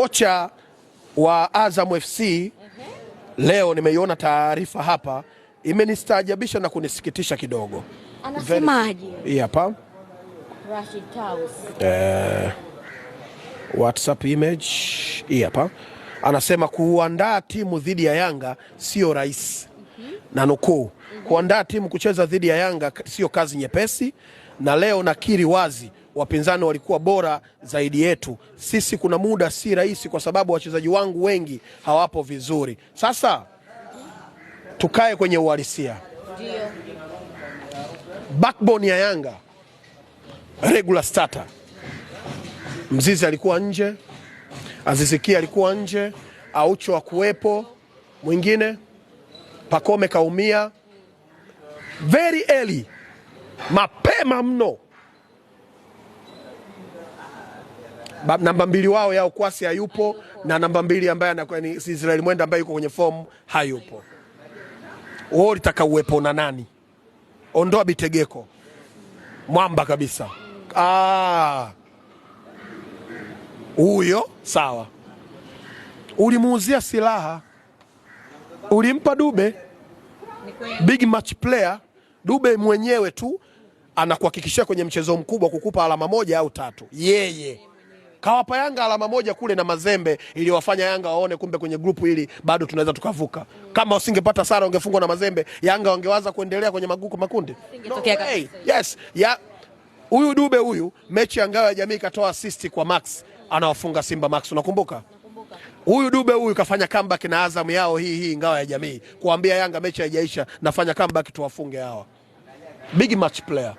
Kocha wa Azam FC leo nimeiona taarifa hapa, imenistaajabisha na kunisikitisha kidogo. Anasemaje? Hii hapa Rashid Tausi. Eh, WhatsApp image hii hapa anasema kuandaa timu dhidi ya Yanga sio rahisi mm -hmm. na nukuu mm -hmm. kuandaa timu kucheza dhidi ya Yanga sio kazi nyepesi, na leo nakiri wazi wapinzani walikuwa bora zaidi yetu. Sisi kuna muda si rahisi, kwa sababu wachezaji wangu wengi hawapo vizuri. Sasa tukae kwenye uhalisia. Backbone ya Yanga regular starter, Mzizi alikuwa nje, Azizikia alikuwa nje, Aucho hakuwepo, mwingine Pakome kaumia very early, mapema mno ba, namba mbili wao yao Kwasi hayupo na namba mbili ambaye anakuwa ni Israel Mwenda ambaye yuko kwenye fomu hayupo. Wao litaka uwepo na nani? Ondoa Bitegeko, mwamba kabisa ah. huyo. sawa, ulimuuzia silaha, ulimpa Dube big match player. Dube mwenyewe tu anakuhakikishia kwenye mchezo mkubwa kukupa alama moja au tatu, yeye yeah, yeah kawapa Yanga alama moja kule na Mazembe iliyowafanya Yanga waone kumbe kwenye grupu hili bado tunaweza tukavuka. Kama usingepata sara ungefungwa na Mazembe, Yanga wangewaza kuendelea kwenye maguko makundi. No, hey, yes, ya huyu Dube huyu mechi ya ngao ya jamii ikatoa assist kwa Max anawafunga Simba Max, unakumbuka? Huyu Dube huyu kafanya comeback na Azam yao hii hii ngao ya jamii kuambia Yanga mechi haijaisha, nafanya comeback tuwafunge hawa. Big match player.